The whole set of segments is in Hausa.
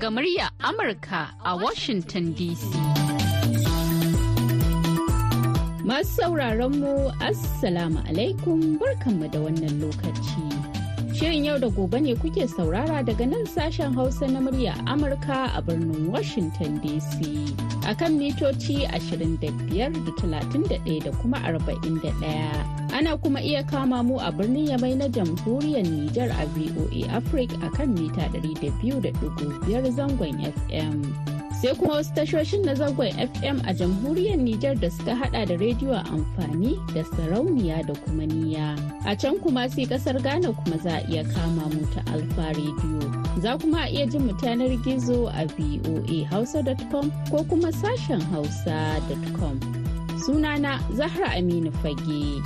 daga murya Amurka a Washington DC. Masu sauraron mu Assalamu alaikum barkanmu da wannan lokaci. Shirin yau da gobe ne kuke saurara daga nan sashen Hausa na murya Amurka a birnin Washington DC. a kan mitoci 25 da 31 da kuma 41. Ana kuma iya kama mu a birnin Yamai na jamhuriyar Nijar a VOA Africa a kan mita 200.5 zangon FM. sai kuma wasu tashoshin na zagon fm a jamhuriyar nijar da suka hada da rediyo amfani da sarauniya da kuma niya a can kuma sai kasar ghana kuma za a iya kama mu ta alfa rediyo za kuma a iya jin mu gizo a voahausa.com ko kuma sashen hausa.com sunana zahra aminu fage.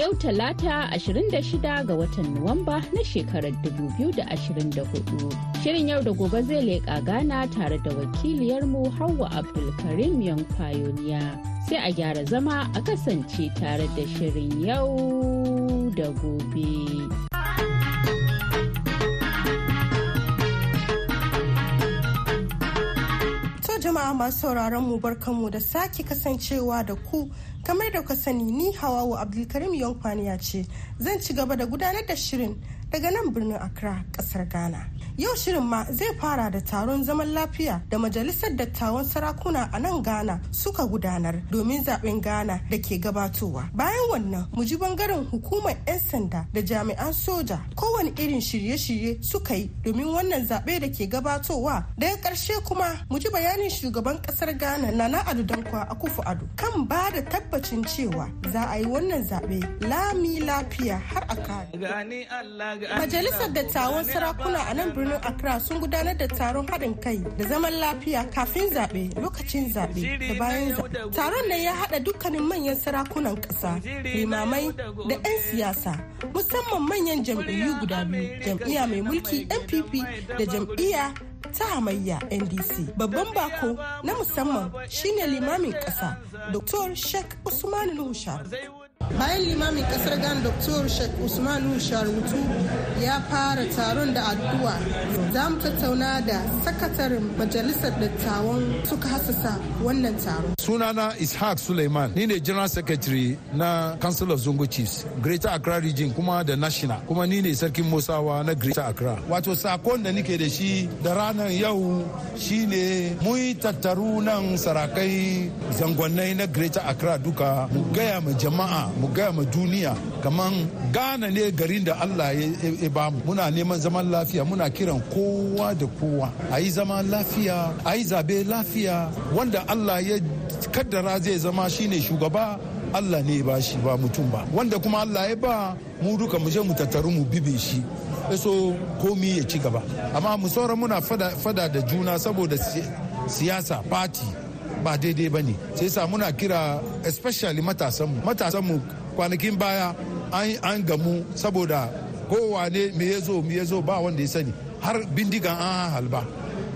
yau talata 26 ga watan Nuwamba na shekarar 2024. Shirin yau da gobe zai leƙa Ghana tare da wakiliyarmu Hauwa Abdulkarim Yankwayoniya. Sai a gyara zama a kasance tare da shirin yau da gobe. jama'a masu sauraron mu barkanmu da sake kasancewa da ku kamar da ka sani ni hawawu abdulkarim yankwaniya ce zan ci gaba da gudanar da shirin daga nan birnin accra kasar ghana Yau shirin ma zai fara da taron zaman lafiya da majalisar dattawan sarakuna a nan Ghana suka gudanar domin zaben Ghana da ke gabatowa. Bayan wannan mu ji bangaren hukumar 'yan sanda da jami'an soja kowane irin shirye-shirye suka yi domin wannan zaɓe da ke gabatowa. Daga ƙarshe kuma mu ji bayanin shugaban ƙasar Ghana Nana adu a kufu Ado kan ba da tabbacin cewa za a yi wannan zaɓe lami lafiya har a kare. Majalisar dattawan sarakuna a nan birnin Accra sun gudanar da taron haɗin kai da zaman lafiya kafin zaɓe, lokacin zaɓe da bayan zaɓe. Taron nan ya haɗa dukkanin manyan sarakunan ƙasa, limamai da 'yan siyasa, musamman manyan jam'iyyu guda biyu, jam'iyya mai mulki NPP da jam'iyya ta hamayya ndc babban bako na musamman shine limamin ƙasa dr sheikh usman nushar bayan limamin kasar ghana dr sheikh usmanu sharutu ya fara taron da addu'a za mu tattauna da sakataren majalisar dattawan suka hasasa wannan taron sunana ishaq suleiman ni ne general secretary na council of zongo chiefs greater accra region kuma da national kuma ni ne sarkin musawa na greater accra wato sakon da nike da shi da ranar yau shine mun tattaru nan sarakai zangonnai na greater accra duka mu gaya ma jama'a mu gaya ma duniya kaman gana ne garin da Allah ya ba mu muna neman zaman lafiya muna kiran kowa da kowa a yi zama lafiya a yi zabe lafiya wanda Allah ya kaddara zai zama shine shugaba Allah ne ba shi ba mutum ba wanda kuma Allah ya ba mu duka mu je mu tattaru mu bibe shi so komi ya ci gaba amma mu saura muna fada da juna saboda siyasa party ba daidai ba ne sai sa muna kira especially matasanmu matasanmu kwanakin baya an gamu saboda kowane me ya zo me ya zo ba wanda ya sani har bindigan an halba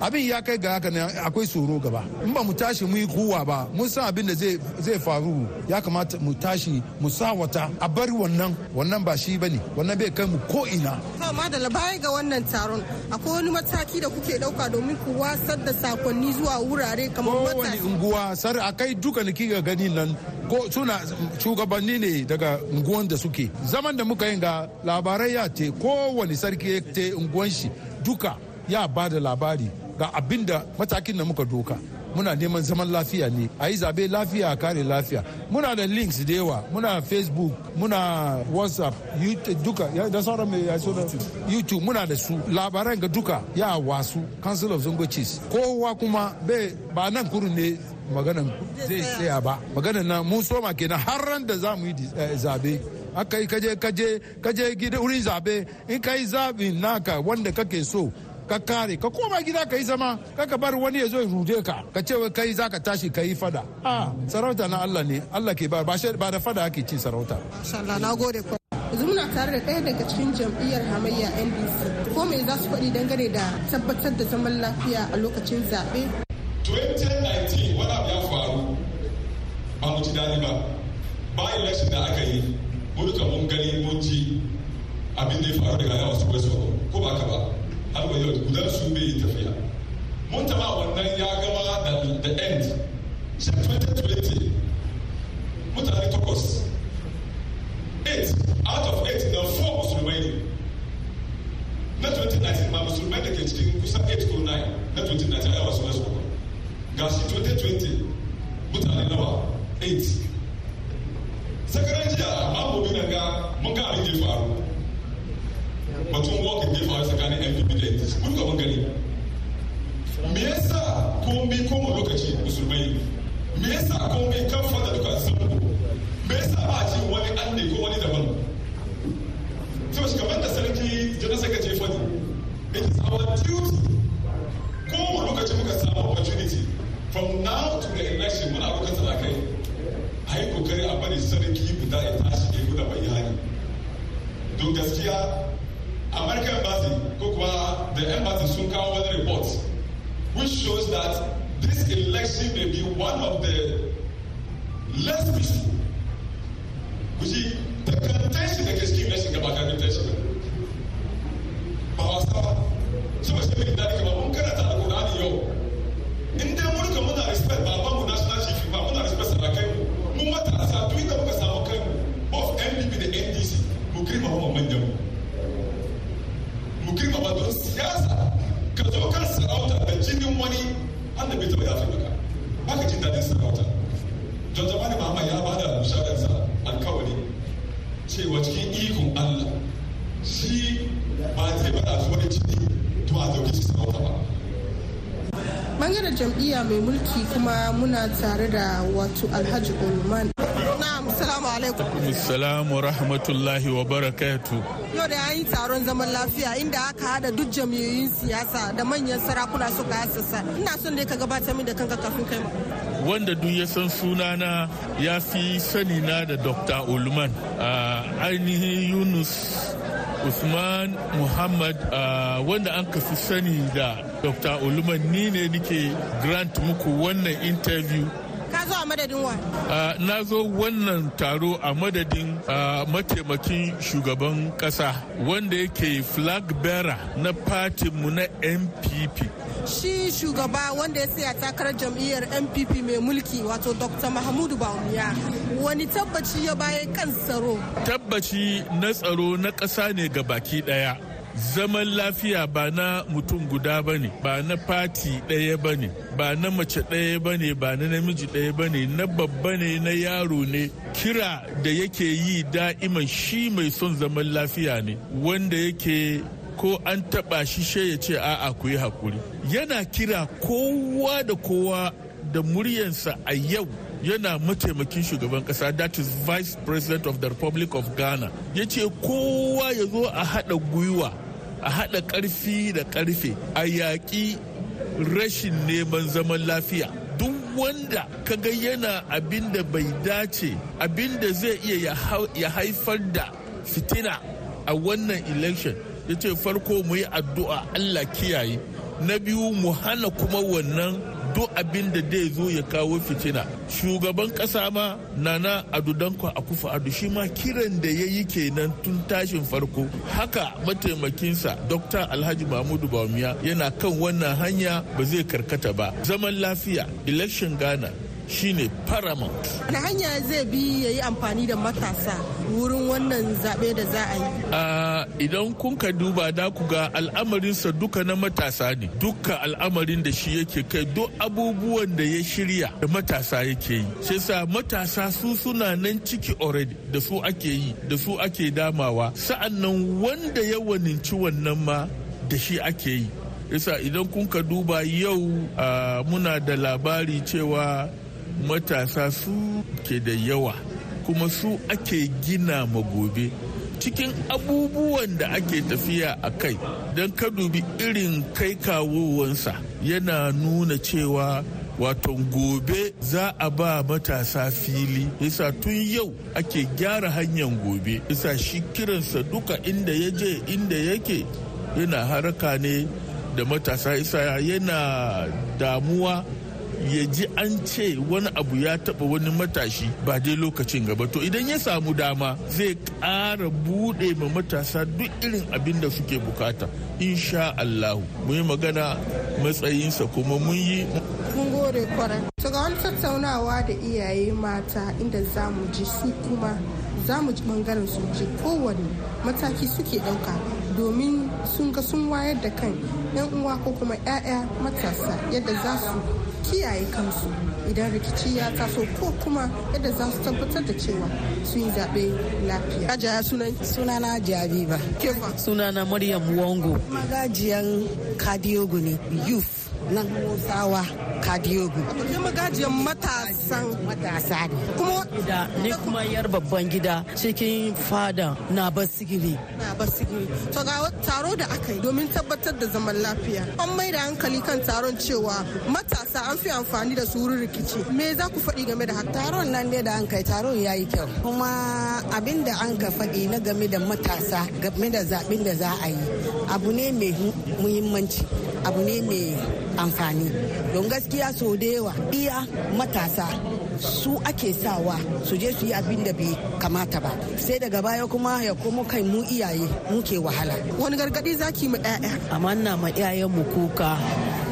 abin ya kai ga haka akwai tsoro gaba in ba mu tashi mu yi kuwa ba mun san abin da zai faru ya kamata mu tashi mu sa wata a bari wannan wannan ba shi bane wannan bai kai mu ko ina amma da labari ga wannan taron akwai wani mataki da kuke dauka domin ku wasar da sakonni zuwa wurare kamar matashi unguwa sar akai duka niki ga gani nan ko suna shugabanni ne daga unguwan da suke zaman da muka yin ga labarai ya te kowane sarki ya te unguwan shi duka ya ba da labari ga abin da matakin da muka doka muna neman zaman lafiya ne a yi zabe lafiya a kare lafiya muna da links da yawa muna facebook muna whatsapp duka da sauran mai yaso da youtube muna da su labaran ga duka ya wasu council of zungo chiefs kowa kuma ba nan kurun ne maganan zai tsaya ba maganan na mun soma kenan har ran da za mu yi eh, zabe aka yi kaje kaje kaje gida wurin zabe in ka yi zabin naka wanda kake so ka kare ka koma gida ka yi zama ka ka bar wani ya zo rude ka ka ce wai kai zaka tashi ka yi fada a sarauta na Allah ne Allah ke ba ba da fada ake cin sarauta insha Allah na gode ku muna tare da ɗaya daga cikin jam'iyyar hamayya NDC ko me za su faɗi dangane da tabbatar da zaman lafiya a lokacin zaɓe 2019 wani abu ya faru ba mu ci daɗi ba bayan election da aka yi mun mun gani mun ji abin da ya faru daga yawa su ko ba ka ba har wa yau guda su bai yi tafiya mun taba wannan ya gama da the end sha 2020 mutane takwas 8 out of 8 na 4 musulmai ne na 2019 ma musulmai da ke cikin kusan 8 ko 9 na 2019 a yawa su wasu kuma ga shi 2020 mutane nawa 8 sakarar jiya amma mu bi na ga mun ga abin da ya faru batun walking da faru tsakanin npp da mun gaban gari me yasa komai koma lokaci musulmai me yasa komai kan fada duka sun me yasa ba a ce wani an ne ko wani daban kuma muna tare da wato alhaji ulman Assalamu salamu rahmatullahi wa barakatu yau da yi taron zaman lafiya inda aka hada duk jam'iyyoyin siyasa da manyan sarakuna suka hasasa ina son da ka gabatar min da kanka kafin kai wanda duk ya san sunana ya fi sani na da dr ulman ainihin yunus usman muhammad wanda an kafi sani da dr ulman ni ne nike grant muku wannan interview na zo wannan taro a madadin mataimakin shugaban kasa wanda yake flag bearer na mu na npp shi shugaba wanda ya tsaya takarar jam'iyyar npp mai mulki wato dr mahmudu bawumia wani tabbaci ya baya kan tsaro tabbaci na tsaro na ƙasa ne ga baki ɗaya zaman lafiya ba na mutum guda ba ne ba na fati ɗaya ba ne ba na mace ɗaya ba ne ba na namiji ɗaya ba ne na babba ne na yaro ne kira da yake yi da'iman shi mai son zaman lafiya ne wanda yake ko an taɓa shi she ya ce a'a ku yi hakuri yana kira kowa da kowa da muryansa a yau yana mataimakin shugaban kasa that is vice president of the republic of ghana ya ce kowa ya zo a haɗa gwiwa a haɗa ƙarfi da ƙarfe a yaƙi rashin neman zaman lafiya duk wanda kaga yana abin da bai dace abin da zai iya ya haifar da fitina a wannan election ya ce farko mu yi addu'a allah kiyaye na biyu mu hana kuma wannan duk abin da zai zo ya kawo fitina shugaban kasa ma nana a kufa adu shi ma kiran da ya yi kenan tun tashin farko haka mataimakinsa dr alhaji mahmudu bamiya yana kan wannan hanya ba zai karkata ba zaman lafiya election ghana shine paramount Wani hanya zai bi ya yi amfani da matasa wurin wannan zaɓe da za a yi idan kun ka duba da ku ga al'amarinsa duka na matasa ne duka al'amarin da shi yake kai duk abubuwan da ya shirya da matasa yake yi sai sa matasa su suna nan ciki already da su ake yi da su ake damawa sa'annan wanda ya waninci wannan ma da shi ake yi isa idan kun ka duba yau muna da labari cewa matasa su ke da yawa kuma su ake gina ma gobe cikin abubuwan da ake tafiya a kai don ka dubi irin kai kawowansa yana nuna cewa wato gobe za a ba matasa fili isa tun yau ake gyara hanyar gobe isa shi kiransa duka inda ya je inda yake yana haraka ne da matasa isa yana damuwa ya ji an ce wani abu ya taɓa wani matashi ba dai lokacin gaba to idan ya samu dama zai kara bude ma matasa duk irin abin da suke bukata insha Allahu mu yi magana matsayinsa kuma mun yi mun gore kwarar to ga wani tattaunawa da iyaye mata inda za mu ji su kuma za mu ji bangaren su ji kowane mataki suke ɗauka domin sun ga sun wayar da kan 'yan uwa ko kuma 'ya'ya matasa yadda za su kiyaye kansu idan rikici ya taso ko kuma yadda za su tabbatar da cewa sun yi zaɓe lafiya. Ajaya sunan? Sunana Jabiba. Kefa. Sunana Maryam Wongo. Magajiyan Kadiogu ne, Youth na motsawa kadiyogu kuma magajiyar matasan matasa ne kuma da ni kuma yar babban gida cikin fada na basigiri na basigiri to ga taro da aka yi domin tabbatar da zaman lafiya an mai da hankali kan taron cewa matasa an fi amfani da su wurin rikici me za ku faɗi game da haka taron nan ne da an kai taron ya yi kyau kuma abin da an ka faɗi na game da matasa game da zaɓin da za a yi abu ne mai muhimmanci abu ne mai amfani don gaskiya so da yawa iya matasa su ake sawa su je su yi abin da bai kamata ba sai daga baya kuma ya komo kai mu iyaye muke wahala wani gargadi zaki mu ɗaya amma na ma iyayen mu kuka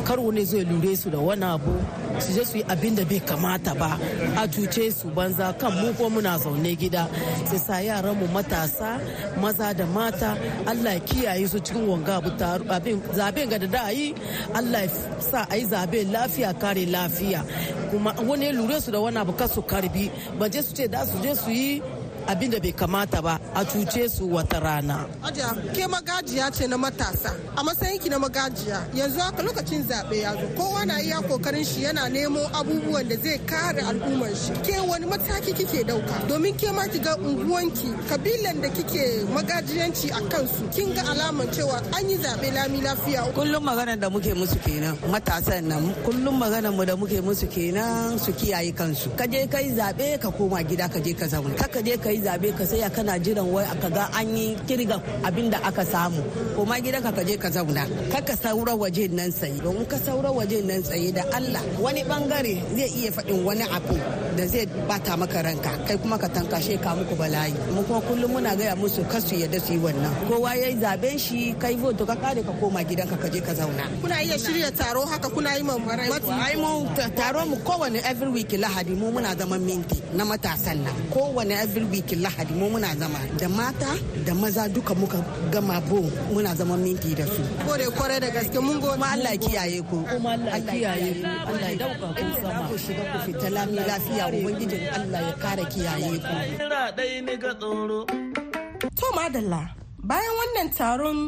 karo ne zai lure su da wani abu su je su yi abin da bai kamata ba a cuce su banza kan mu ko muna zaune gida sai sa yaran mu matasa maza da mata Allah ya kiyaye su cikin wanga abin zaben ga da da yi Allah ya sa ayi zabe lafiya kare lafiya kuma wani lure su da wani abu kasu karbi ba je su ce da su je su yi abin da bai kamata ba a cuce su wata rana. Aja, ke magajiya ce na matasa, a matsayin ki na magajiya yanzu haka lokacin zaɓe ya zo kowa na iya kokarin shi yana nemo abubuwan da zai kare al'ummar shi. Ke wani mataki kike dauka domin ke ma ki ga unguwanki kabilan da kike magajiyanci a kansu kin ga alamar cewa an yi zaɓe lami lafiya. Kullum magana da muke musu kenan matasan nan kullum magana mu da muke musu kenan su kiyaye kansu. Ka je kai zaɓe ka koma gida ka je ka zauna. Ka je ka yi zabe ka saya kana jiran wai aka ga an yi kirga abin da aka samu kuma gidan ka je ka zauna kaka saura waje nan tsaye don ka saura waje nan tsaye da Allah wani bangare zai iya faɗin wani abu da zai bata maka ranka kai kuma ka tankashe ka muku bala'i mu kuma kullum muna gaya musu kasu yadda su yi wannan kowa ya yi zaben shi kai vote ka kare ka koma gidan ka je ka zauna kuna iya shirya taro haka kuna yi mamarai ai mu taro mu kowane every week lahadi mu muna zaman minti na matasan nan kowane every week aikin lahadi mu muna zama da mata da maza duka muka gama bo muna zama minti da su gode kore da gaske mun go ma Allah kiyaye ku kuma Allah kiyaye ku Allah ya dauka ku sama ku shiga ku fita lami lafiya ubangijin Allah ya kare kiyaye ku dai ni ga tsoro to madalla bayan wannan taron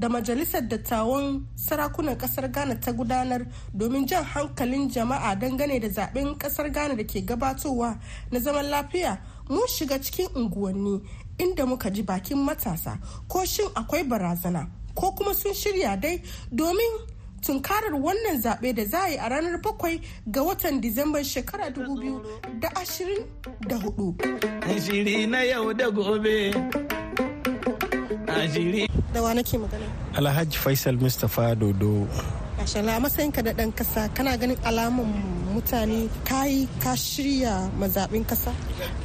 da majalisar dattawan sarakunan kasar ghana ta gudanar domin jan hankalin jama'a dangane da zaben kasar ghana da ke gabatowa na zaman lafiya mun shiga cikin unguwanni inda muka ji bakin matasa ko shin akwai barazana ko kuma sun shirya dai domin tunkarar wannan zaɓe da za a yi a ranar bakwai ga watan Disamban shekara 2024. biyu da Da wa nake magana? Alhaji Faisal Mustapha Dodo. Mashallah matsayinka da ɗan kasa kana ganin alamun mutane kayi ka shirya mazaɓin kasa?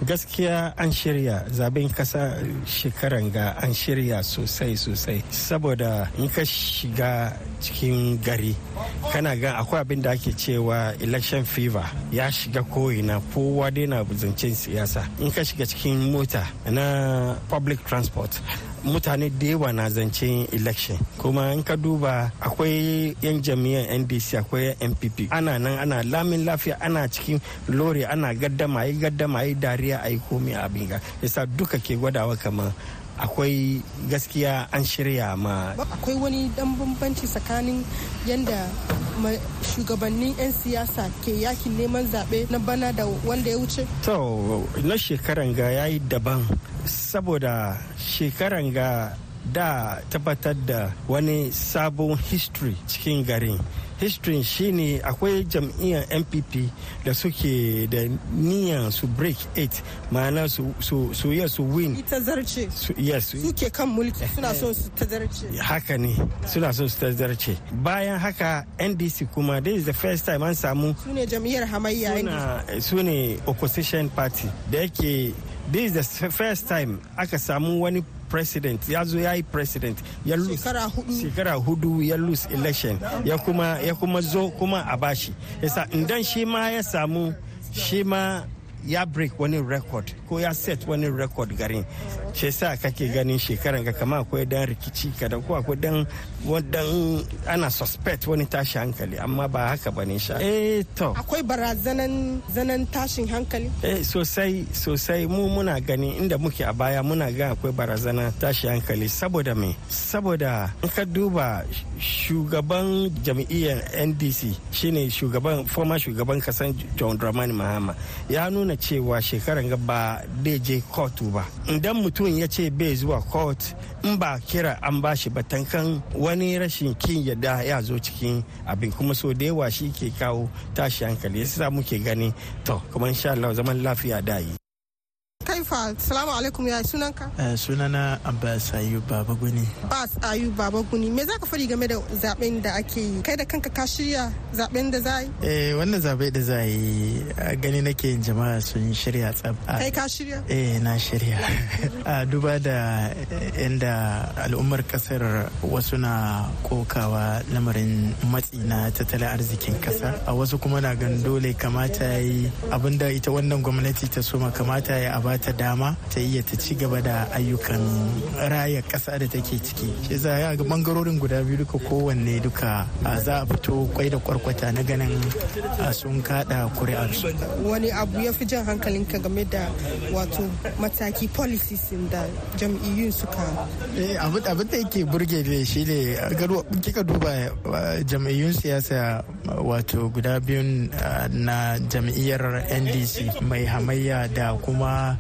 Gaskiya an shirya zaɓen kasa shekaran ga an shirya sosai sosai saboda in ka shiga cikin gari kana ga akwai abin da ake cewa election fever ya shiga ko'ina kowa dai na zancen siyasa in ka shiga cikin mota na public transport mutane da yawa na zance election kuma in ka duba akwai yan jami'an ndc akwai yan npp ana nan ana lamin lafiya ana cikin lori ana gaddama yi gaddama yi dariya a yi komi abin ga yasa duka ke gwadawa kamar akwai gaskiya an shirya ma akwai wani dan bambanci tsakanin yadda shugabannin 'yan siyasa ke yakin neman zaɓe na bana da wanda ya wuce? to na shekaran ga ya yi daban saboda shekaran ga da tabbatar da wani sabon history cikin garin history shine akwai jam'iyyar npp da suke da niyan su break eight ma'ana su yi su win ita zarce suke kan mulki eh, suna eh. so su ta zarce haka ne suna so su ta zarce bayan haka ndc kuma this is the first time an samu su ne jam'iyyar hamayya su ne opposition party da yake this is the first time aka samu wani president ya zo ya yi president ya shekara hudu ya lose election ya kuma ya kuma zo kuma a bashi yasa idan shi ma ya samu shi ma ya break wani record ko ya set wani record garin shi sa kake ganin shekaran ga kama akwai dan rikici ka da ko akwai dan wadan ana suspect wani tashi hankali amma ba haka bane sha eh to akwai barazanan zanan tashin hankali eh sosai sosai mu muna gani inda muke a baya muna ga akwai barazana tashin hankali saboda me saboda in ka duba shugaban jam'iyyar NDC shine shugaban former shugaban kasan John Dramani Mahama ya nuna nuna cewa shekaran gaba bai je kotu ba idan mutum ya ce bai zuwa kot in ba kira an ba shi batankan wani rashin kin yadda ya zo cikin abin kuma so da yawa shi ke kawo tashi hankali ya sa muke gani to kuma insha Allah zaman lafiya da yi Tufa, salamu alaikum ya sunanka? Eh, sunana Abbas Ayub Guni. Abbas Ayub Guni. me za ka fari game da zaben da ake yi? Kai da kanka ka shirya zaben da za yi? Eh, wannan zabe da za yi gani nake yin jama'a sun shirya tsab. Kai ka shirya? Eh, na shirya. A duba da inda al'ummar kasar wasu na kokawa lamarin matsi na tattalin arzikin kasa. A wasu kuma na gan dole kamata yi abinda ita wannan gwamnati ta soma kamata ya abata dama ta iya ta ci gaba da ayyukan rayar ƙasa da take ciki shi za a ga bangarorin guda biyu duka kowanne duka za a fito kwai da kwarkwata na ganin sun kada su wani abu ya fi jan ka game da wato mataki policies da jam'iyyun suka eh, abin da yake burge ne shi ne kika duba jam'iyyun siyasa wato guda biyun na jam'iyyar ndc mai hamayya da kuma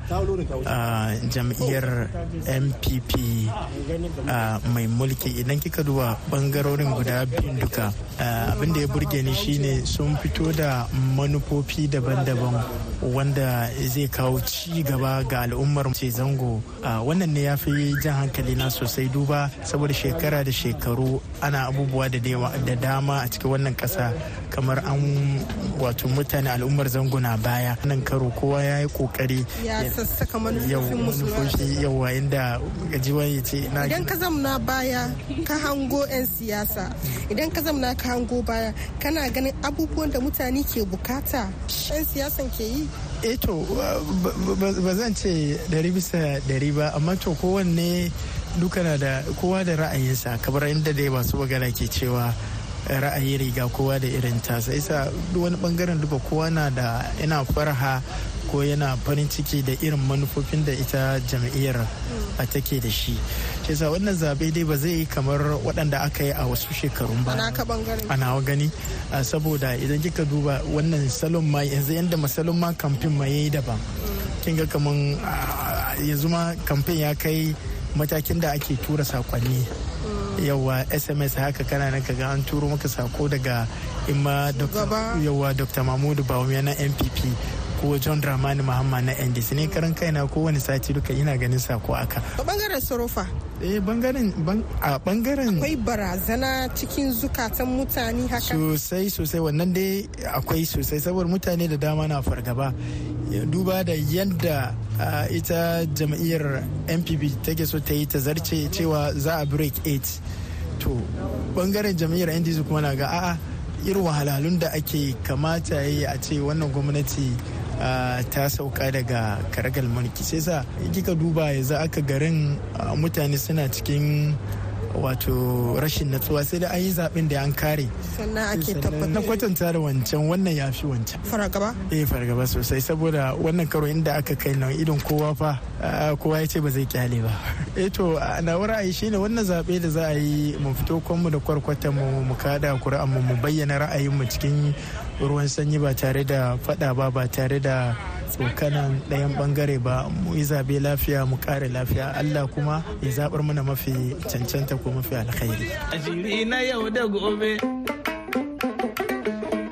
a jam'iyyar npp mai mulki idan kika duba bangarorin guda biyun duka Eh, abin da ya burge ni shine sun fito da manufofi daban-daban wanda zai kawo ci gaba ga al'ummar ce zango eh, wannan ne ya fi jan hankali na sosai duba saboda shekara da shekaru ana abubuwa da dama a cikin wannan kasa kamar an wato mutane al'ummar zango na baya nan karo kowa ya yi kokari ya sassaka yawa inda gajiwa ya ce idan ka na baya ka hango 'yan siyasa idan ka zamana ka hango baya kana ganin abubuwan da mutane ke bukata 'yan siyasan ke yi e to ba zan ce dari bisa dari ba amma to kowanne duka na da kowa da ra'ayinsa kamar inda dai masu magana ke cewa ra'ayi riga kowa da irin tasa isa wani bangaren duka kowa na da yana farha ko yana farin ciki da irin manufofin da ita jam'iyyar mm. a take da shi shi wannan zabe dai ba zai yi kamar waɗanda aka yi a wasu shekarun ba a nawa gani saboda idan kika duba wannan salon ma yanzu ma masalon ma kamfen ma ya yi daban kin ga kaman yanzu ma kamfen ya kai matakin da ake tura sakonni mm. yawa sms haka kana nan kaga an turo maka sako daga imma yawa dr mahmudu bawumia na npp ko john dramani Muhammad na ndc ne karin kaina wani sati duka ina ganin sako aka a bangaren sorofa eh bangaren a bangaren akwai barazana cikin zukatan mutane haka sosai sosai wannan dai akwai sosai saboda mutane da dama na fargaba duba da yadda ita jam'iyyar npp take so ta yi ta zarce cewa za a break 8 to bangaren jam'iyyar ndc kuma na ga a'a irin wahalhalun da ake kamata ya yi a ce wannan gwamnati ta sauka daga karagal mulki sai sa kika duba yanzu aka garin mutane suna cikin wato rashin natsuwa sai da an yi zaɓen da an kare sannan ake tabbatar na kwatanta da wancan wannan ya fi wancan fargaba eh fargaba sosai saboda wannan karo inda aka kai nan idon kowa fa kowa ya ce ba zai kyale ba eh to na ra'ayi shine wannan zaɓe da za a yi mu fito kwanmu da kwarkwatan mu mu kada ƙuri'an mu mu bayyana ra'ayin mu cikin ruwan sanyi ba tare da fada ba ba tare da tsokanan ɗayan bangare ba mu yi zabe lafiya mu kare lafiya Allah kuma ya zabar mana mafi cancanta ko mafi alkhairi. Ashiri na yau da gobe.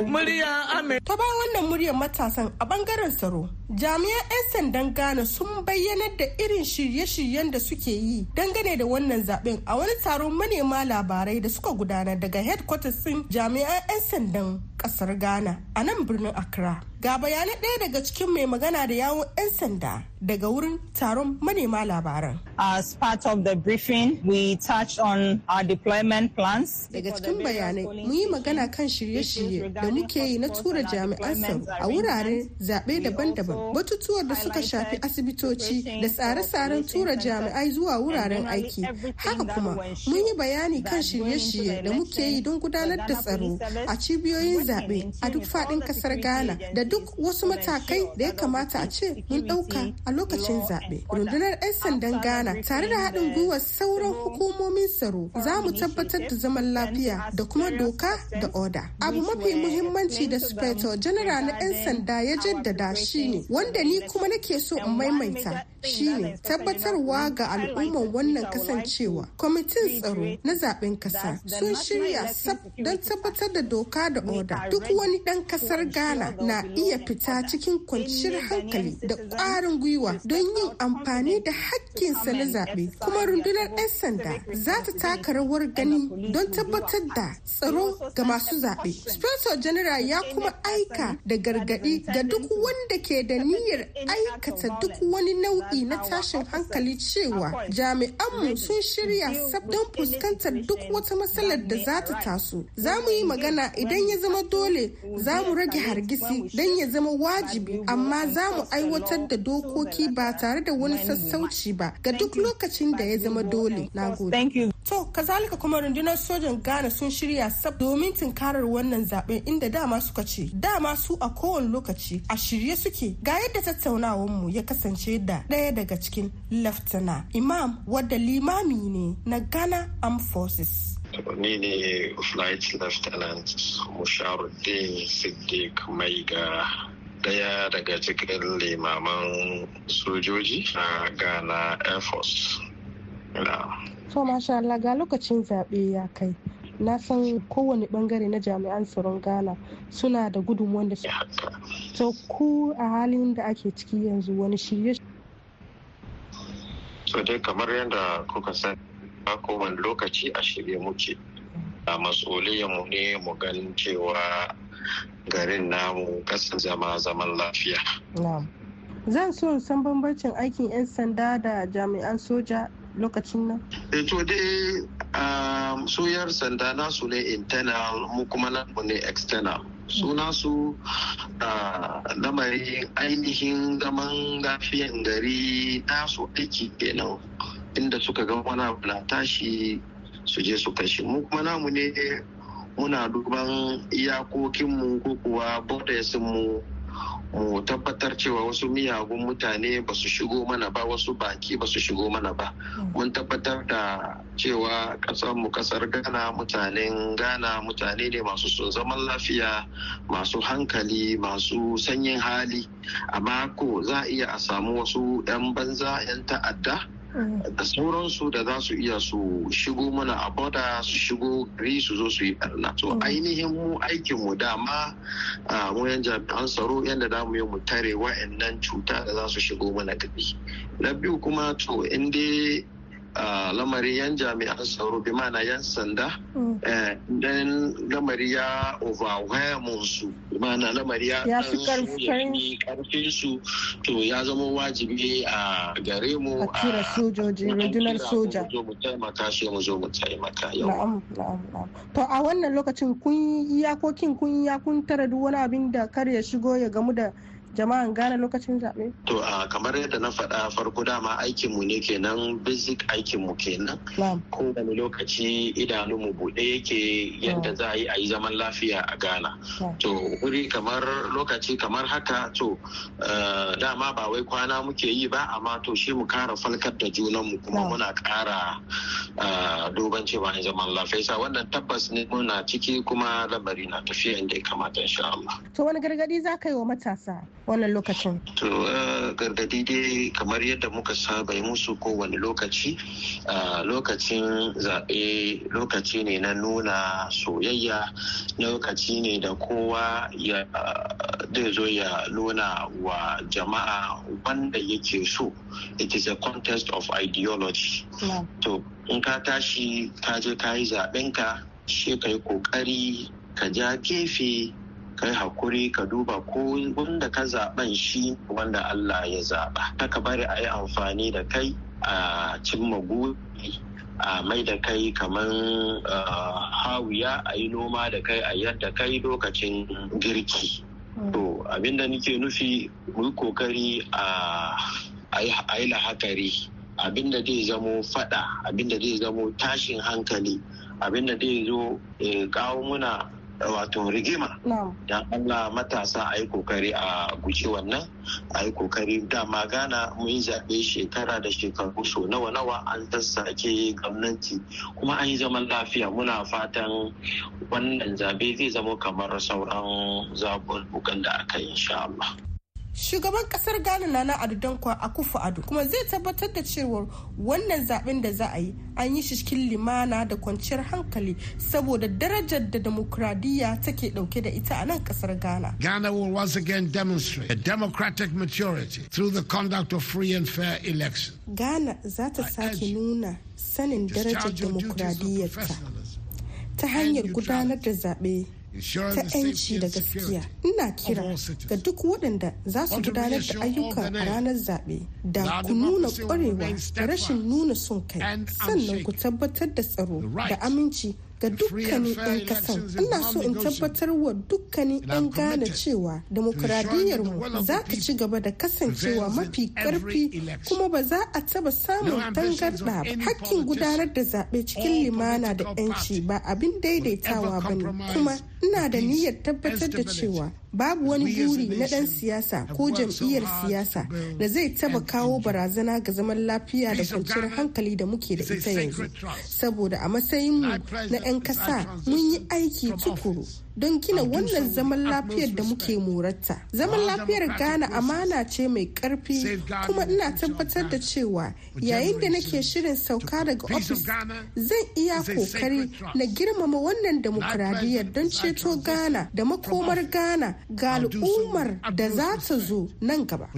Murya Amurka. Ta bayan wannan muryar matasan a bangaren tsaro. Jami'an 'yan sandan Ghana sun bayyanar da irin shirye-shiryen da suke yi dangane da wannan zaben a wani taron manema labarai da suka gudana daga headquarters ɗin jami'an 'yan sandan kasar Ghana a nan birnin Accra. Ga bayanai ɗaya daga cikin mai magana da yawon 'yan sanda daga wurin taron manema labaran. As part of the briefing, we touched on our deployment plans. Daga cikin bayanai, muyi yi magana kan shirye-shirye da muke yi na tura tura jami'an tsaro a wuraren zaɓe daban-daban batutuwar da suka shafi asibitoci da tsare-tsaren tura jami'ai zuwa wuraren aiki haka kuma mun yi bayani kan shirye-shirye da muke yi don gudanar da tsaro a cibiyoyin zaɓe a duk faɗin ƙasar ghana da duk wasu matakai da ya kamata a ce mun ɗauka a lokacin zaɓe rundunar 'yan sandan ghana tare da haɗin gwiwar sauran hukumomin tsaro za mu tabbatar da zaman lafiya da kuma doka da oda abu mafi muhimmanci da Inspector General na 'yan sanda ya jaddada shi ne wanda ni kuma nake so in maimaita shi ne tabbatarwa ga al'ummar wannan kasancewa kwamitin tsaro na zaɓen kasa sun shirya sab don tabbatar da doka da oda duk wani ɗan kasar Ghana na iya fita cikin kwanciyar hankali da ƙwarin gwiwa don yin amfani da hakkinsa na zaɓe kuma rundunar 'yan sanda za ta taka rawar gani don tabbatar da tsaro ga masu zaɓe. Sponsor General ya kuma aika da gargaɗi ga duk wanda ke da niyyar aikata duk wani nau'i na tashin hankali cewa jami'anmu sun shirya sab don fuskantar duk wata matsalar da za ta taso. Za mu yi magana idan ya zama dole za mu rage hargitsi don ya zama wajibi amma za mu aiwatar da dokoki ba tare da wani sassauci ba ga duk lokacin da ya zama dole. Na To, kazalika kuma rundunar sojan Ghana sun shirya sab domin tunkarar wannan zaɓen inda dama suka ce ce dama su a kowane lokaci a shirye suke ga yadda tattaunawar mu ya kasance da ɗaya daga cikin laftana imam wadda limami ne na ghana armed forces ni ne flight lieutenant musharuddin siddiq maiga daya daga cikin limaman sojoji a ghana air force to masha ga lokacin zaɓe ya kai na san kowane bangare na jami'an tsaron ghana suna da gudunmuwan da su to ku a halin da ake ciki yanzu wani shirye so dai kamar yadda kuka san a kowane lokaci a shirye muke a masoliyanmu ne mu ganin cewa garin namu kasan zama zaman lafiya zan so san bambancin aikin 'yan sanda da jami'an soja lokacin nan? Eh, to dai um, su yar sanda nasu ne internal mu kuma namu ne external suna su uh, lamarin ainihin zaman lafiyan gari nasu aiki kenan inda suka ga wani abu na tashi su je su kashe mu kuma namu ne muna duban iyakokinmu ko kuwa mu mu tabbatar cewa wasu miyagun mutane ba su shigo mana ba wasu baki ba su shigo mana ba hmm. mun tabbatar da cewa kasar mu kasar gana mutanen ghana mutane ne masu sun zaman lafiya masu hankali masu sanyin hali amma ko za a iya a samu wasu 'yan banza 'yan ta'adda da sauransu da za su iya su shigo mana a bada su shigo gari su zo su yi barna to mm. ainihin mu aikin mu dama a wayan jami'an tsaro yadda za mu yi mu tare wa'annan cuta da za su shigo mana gari na biyu kuma to inda lamarin yan jami'an tsaro bi mana yan sanda mm. eh, dan lamari ya overwhelm su bi mana lamari ya karfi su to ya zama wajibi a gare mu a kira sojoji rundunar soja mu taimaka shi mu zo mu taimaka yau to a wannan lokacin kun iyakokin kun iyakun tara duk wani abin da kar ya shigo ya gamu da jama'an Ghana lokacin zaɓe? To a kamar yadda na faɗa farko dama aikin mu ne kenan basic aikin mu kenan. Ko wani lokaci idanu mu buɗe yake yadda za a yi zaman lafiya a Ghana. To wuri kamar lokaci kamar haka to dama ba wai kwana muke yi ba amma to shi mu kara falkar da junan mu kuma muna kara dogon cewa ne zaman lafiya. Sa wannan tabbas ne muna ciki kuma labari na tafiya inda ya kamata insha Allah. To wani gargadi za ka yi wa matasa? wannan lokacin? To eh, gargadi dai kamar yadda muka saba yi musu kowane lokaci lokacin zaɓe lokaci ne na nuna soyayya lokaci ne da kowa ya zai zo ya nuna wa jama'a wanda yake so it is a contest of ideology to in ka tashi ka je ka yi zaɓenka shi ka yi ƙoƙari ka ja gefe kai hakuri ka duba ko wanda ka zaɓan shi wanda Allah ya zaɓa ka bari a yi amfani da kai a cimma guri a mai da kai kamar hawiya a yi noma da kai a yadda kai lokacin girki hmm. to abinda nake nufi mu kokari a yi lahakari abinda zai zamo fada abinda zai zamo tashin hankali abinda zai zo eh, kawo muna wato rigima don allah matasa a yi kokari a guji wannan a yi kokari da magana mun yi zaɓe shekara da shekaru so nawa nawa an sassake gwamnati kuma an yi zaman lafiya muna fatan wannan zaɓe zai zama kamar sauran zaɓuɓɓukan da aka yi insha shugaban kasar ghana nana ado a akufu ado kuma zai tabbatar da cewa wannan zaben da za a yi an yi shi cikin limana da kwanciyar hankali saboda darajar da demokradiyya take dauke da ita a nan kasar ghana ghana will once again demonstrate a democratic maturity through the conduct of free and fair election. ghana za ta sake nuna sanin darajar demokradiyyarta ta hanyar gudanar da zaɓe ta 'yanci da gaskiya ina kira ga duk waɗanda za su gudanar da ayyuka a ranar zaɓe da ku nuna ƙwarewa da rashin nuna son kai sannan ku tabbatar da tsaro da aminci ga dukkanin 'yan kasan ina so in tabbatar wa dukkanin 'yan gane cewa demokuraɗiyyarmu za ta ci gaba da kasancewa mafi karfi kuma ba za a taba samun tangarɗa ba hakkin gudanar da zaɓe cikin limana da 'yanci ba abin daidaitawa ba ne kuma ina da niyyar tabbatar da cewa babu wani buri na ɗan siyasa ko jam'iyyar siyasa da zai taba kawo barazana ga zaman lafiya da kwanciyar hankali da muke da ita yanzu saboda a matsayinmu na 'yan ƙasa mun yi aiki tukuru don gina wannan zaman lafiyar da muke moratta Zaman lafiyar Ghana amana ce mai karfi kuma ina tabbatar da cewa yayin da nake shirin sauka daga ofis zan iya kokari na girmama wannan demokuraɗiyyar don ceto Ghana da makomar Ghana ga al'ummar da za ta zo nan gaba.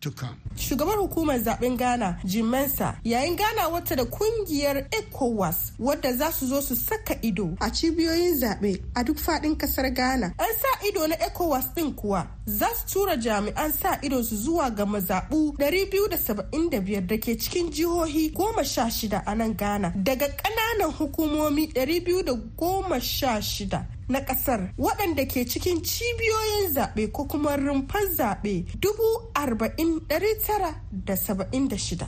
to come. Shugaban hukumar zaben Ghana, Jim Mensa, yayin wata da kungiyar ECOWAS wadda za su zo su saka ido a cibiyoyin zaɓe a duk faɗin ƙasar Ghana. An sa ido na ECOWAS ɗin kuwa za su tura jami'an sa ido su zuwa ga mazaɓu 275 da ke cikin jihohi 16 a nan Ghana daga ƙananan hukumomi 216 na kasar waɗanda ke cikin cibiyoyin zaɓe ko kuma rumfar zaɓe dubu arba'in tara da saba'in da shida.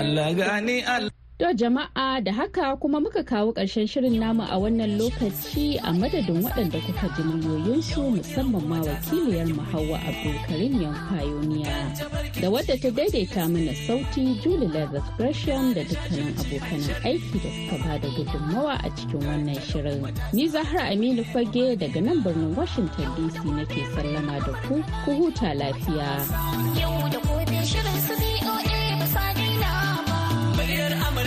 Allah gani Allah. To jama'a da haka kuma muka kawo ƙarshen shirin namu a wannan lokaci a madadin waɗanda kuka ji muryoyinsu musamman ma wakiliyar Hauwa Abdulkarim Yankayoniya da wadda ta daidaita mana sauti Julie Lazarus Gresham da dukkanin abokan aiki da suka ba da gudunmawa a cikin wannan shirin. Ni Zahra Aminu Fage daga nan birnin Washington DC nake sallama da ku, ku huta lafiya.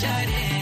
shut in.